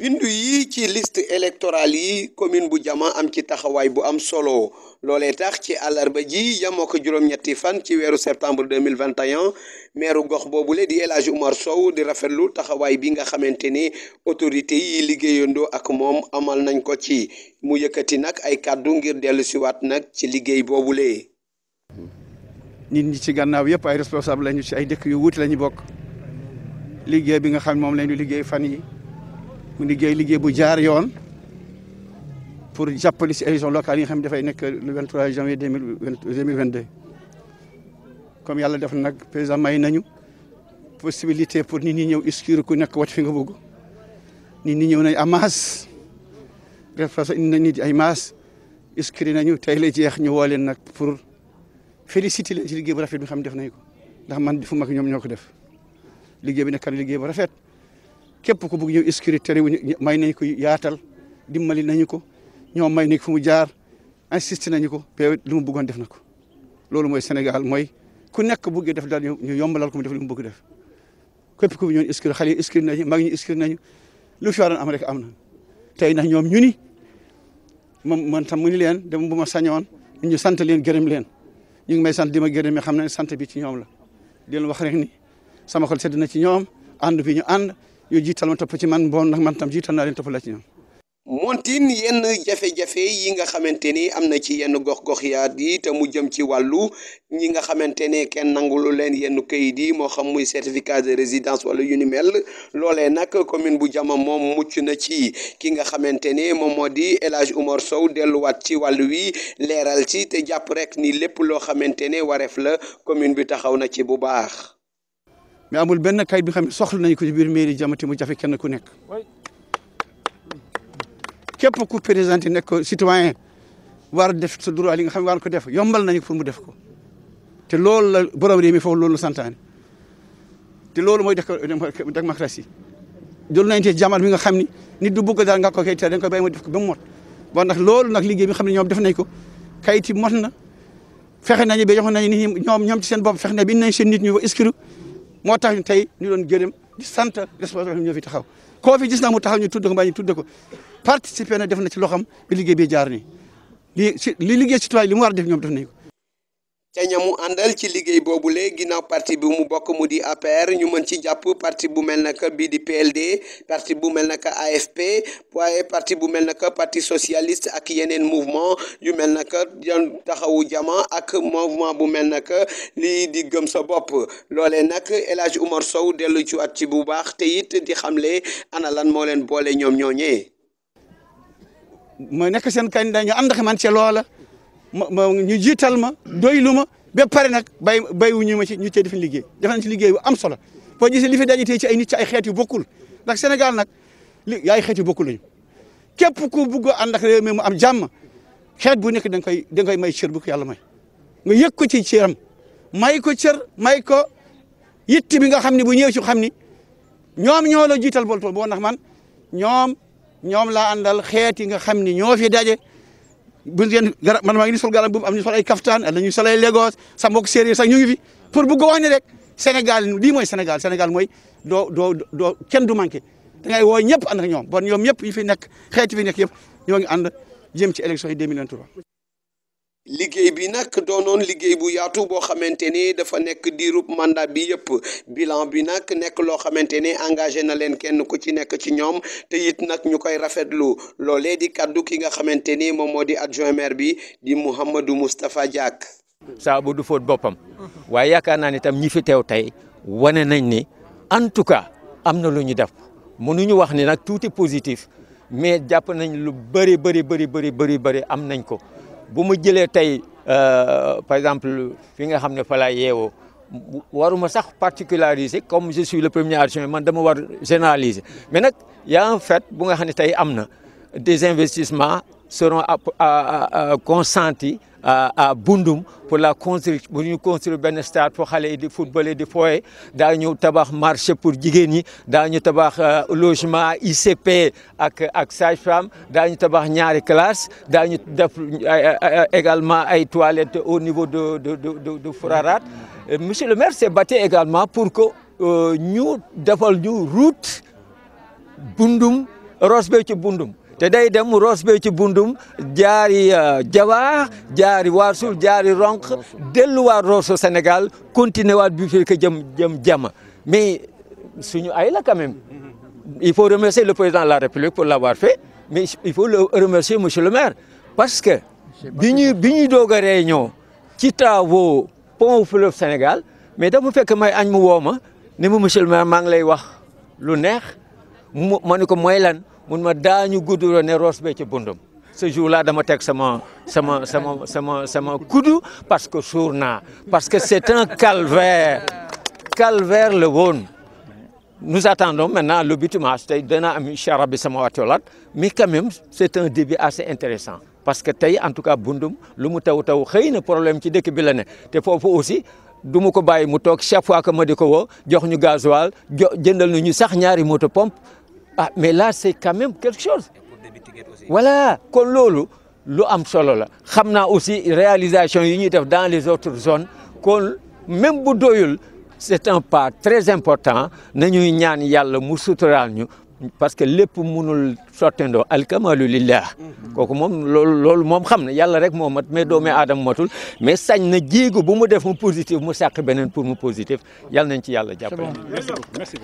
bindu yi ci list électorale yi commune bu Diama am ci taxawaay bu am solo loolee tax ci àllarba ji yamoo ko juróom-ñetti fan ci weeru septembre 2021 meeru gox boobule di El Hadj Oumar Sow di rafetlu taxawaay bi nga xamante ni autorité yi liggéeyandoo ak moom amal nañ ko ci mu yëkkati nag ay kàddu ngir dellu siwaat nag ci liggéey boobule. nit ñi ci gannaaw yëpp ay responsable lañu ci ay dëkk yu wuute lañu bokk liggéey bi nga xam moom lañu liggéey fan yi mu liggéey liggéey bu jaar yoon pour jàppale si élection locale yi nga xam ne dafay nekk le 23 janvier 2022 comme yàlla def na nag président may nañu possibilité pour nit ñi ñëw inscrire ku nekk wat fi nga bëgg nit ñi ñëw nañ à masse refas indi nañ nit ay masse inscrire nañu tey la jeex ñu woo leen nag pour féliciter leen ci liggéey bu rafet bi xam ne def nañ ko ndax man di fu mag ñoom ñoo ko def liggéey bi nekk na liggéey bu rafet képp ku bugg ñëw Escurie terewuñu may nañ ko yaatal dimbali nañu ko ñoom may nañ ko fu mu jaar insisté nañu ko pe li buggoon def na ko loolu mooy senegal mooy ku nekk buggee def daal ñu yombalal ko mu def li mu bëgg def képp ku ñëw Escurie xale yi Escurie nañu mag ñi Escurie nañu lu fi waroon am rek am na tey nag ñoom ñu ni moom man tam mu ni leen dem bu ma sañoon ñu sant leen gërëm leen ñu ngi may sant di gërëm mais xam na sant bi ci ñoom la di leen ni sama xol sedd na ci ñoom ànd bi ñu ànd yow jiital topp ci man bon nag man tam jiital naa leen topp la ci yenn jafe-jafe yi nga xamante ni am na ci yenn gox-gox yaat yi te mu jëm ci wàllu ñi nga xamante ne kenn nangulu leen yenn kayit yi moo xam muy certificat de résidence wala yu ni mel loolee nag commune bu jama moom mucc na ci ki nga xamante ne moom moo di El Hadj Oumar Sow delluwaat ci wàllu wi leeral ci te jàpp rek ni lépp loo xamante ne wareef la commune bi taxaw na ci bu baax. mais amul ben kay bi xam ne soxla nañ ko ci bir mairie jamati mu jafe kenn ku nek képp ku présenté nek ko citoyen war def sa droit li nga xam war ko def yombal nañu pour mu def ko te lool la borom réew mi foofu lool la santane te loolu mooy démocratie jël nañ te jamal bi nga xam ni nit du bëgg dal nga ko kay te da nga koy mu def ko ba mot bon nak lool nak liggéey bi nga xam ne ñoom def nañ ko kayit yi mot na fexe nañ ba joxon nañ nit ñi ñom ñoom ci seen bop fexné na bi nañ seen nit ñu ba inscrire moo tax ñu tey ñu doon gërëm di sant responsable ñoo fi taxaw koofi fi naa mu taxaw ñu tudd ko mbaa ñu tudd ko participer na def na ci loxam bi liggéey bi jaar nii li si li liggéey citoyen li mu war a def ñoom def nañ ko te ñamu àndal ci liggéey boobule ginnaaw parti bi mu bokk mu di APR ñu mën ci jàpp parti bu mel naka bii di PLD parti bu mel naka AFP waaye parti bu mel naka parti socialiste ak yeneen mouvement yu mel naka yan taxawu jama ak mouvement bu mel naka lii di gëm sa bopp loole nag El Hadj Sow dellu ci at ci bu baax te it di xamle ana lan moo leen boole ñoom ñooñee. mooy nekk seen kañ dañu ànd ak ci loola. ma ñu jiital ma doylu ma ba pare nag bay baywuñu ma ci ñu cee def liggéey def nañ ci liggéey bu am solo boo gisee li fi daje tey ci ay nit ci ay xeet bokkul ndax Sénégal nag li ay xeet bokkul lañu képp ku bugg a ànd ak réew am jàmm xeet bu nekk danga koy danga koy may cër bu ko yàlla may nga yëg ko ci cëram may ko cër may ko yitt bi nga xam ne bu ñëwee ci xam ni ñoom ñoo jiital bol tool boo nag man ñoom ñoom laa àndal xeet yi nga xam ni ñoo fi daje bu ngeen garab man maa ngi ni sol garab bu am ñu sol ay kaftaan am nañu sol ay Lagos sa mbokk séeréer sax ñu fi pour bëgg wax ni rek Sénégal lii mooy Sénégal Sénégal mooy doo doo doo kenn du manqué da wooy woo ñëpp ànd ak ñoom bon ñoom ñëpp ñu fi nekk xeeti fi nekk yëpp ñoo ngi ànd jëm ci élection yi 2023 liggéey bi nag doonoon liggéey bu yaatu boo xamante ni dafa nekk diirub mandat bi yëpp bilan bi nag nekk loo xamante ni engagé na leen kenn ku ci nekk ci ñoom te it nag ñu koy rafetlu loolee di kaddu ki nga xamante ni moom moo di adjoint maire bi di Mouhamadou Moustapha Diack. saa bu du fóot boppam. waaye yaakaar naa ni itam ñi fi teew tey wane nañ ni en tout cas am na lu ñu def mënuñu wax ni nag tuuti positif mais jàpp nañ lu bëri bëri bëri bëri bëri bëri am nañ ko. bu ma jëlee tey euh, par exemple fi nga xam ne fa laa yeewoo waruma sax particulariser comme je suis le premier adjoint man dama war généraliser mais nag y a un fait bu nga xam ne tey am na des investissements seront consentis à Bundum pour la construction pour construire un stade pour aller football di footballer di foyer. daañu tabax marché pour jigéen ñi tabax euh, logement ICP avec ak sage-femme daañu tabax ñaari classe pour euh, euh, également ay toilettes au niveau de de de de monsieur le maire s'est battu également pour que nous defal une route Bundum Ross de Bundum te day dem Ross ci Bundum jaari euh, j'ari jaari Warsul jaari Ronk war Rosso Sénégal continuer à bi que jëm jëm jama mais suñu ay la quand même il faut remercier le président de la République pour l'avoir fait mais il faut le remercier monsieur le maire parce que biñu biñu doga ñuy réunion ci travaux pont fleuve Sénégal mais dafa fekk may añ mu woma ni ne monsieur le maire mang lay wax lu neex mu ma ko lan mun ma dañu gudduro ne Ross ci Bundum ce jour-là dama tek sama sama sama sama sama kuddu parce que suur parce que c'est un calvaire calvaire la woon nous attendons maintenant le bitumage tay danaa am sharabi sama watolat mais quand même c'est un début assez intéressant parce que tay en tout cas Bundum lu mu taw taw xeyna problème ci dëkk bi la ne te fofu aussi duma ko bàyyi mu toog chaque fois que ma di ko woo jox ñu gasoil jëndal nañu sax ñaari moto pompe ah mais là c'est quand même quelque chose voilà kon lolo lu am solo la aussi réalisation yi ñuy def dans les autres zones kon même bu doyul c'est un pas très important nañuy ñaan yàlla mu suturaal ñu parce que les mënul sottendoo alkamalu lillah mhm. kooku moom loolu loolu moom xam ne yàlla rek moo mat mais doomi aadama matul mais sañ na jéego bu mu def mu positif mu sàq beneen pour mu positif yàlla nañ ci merci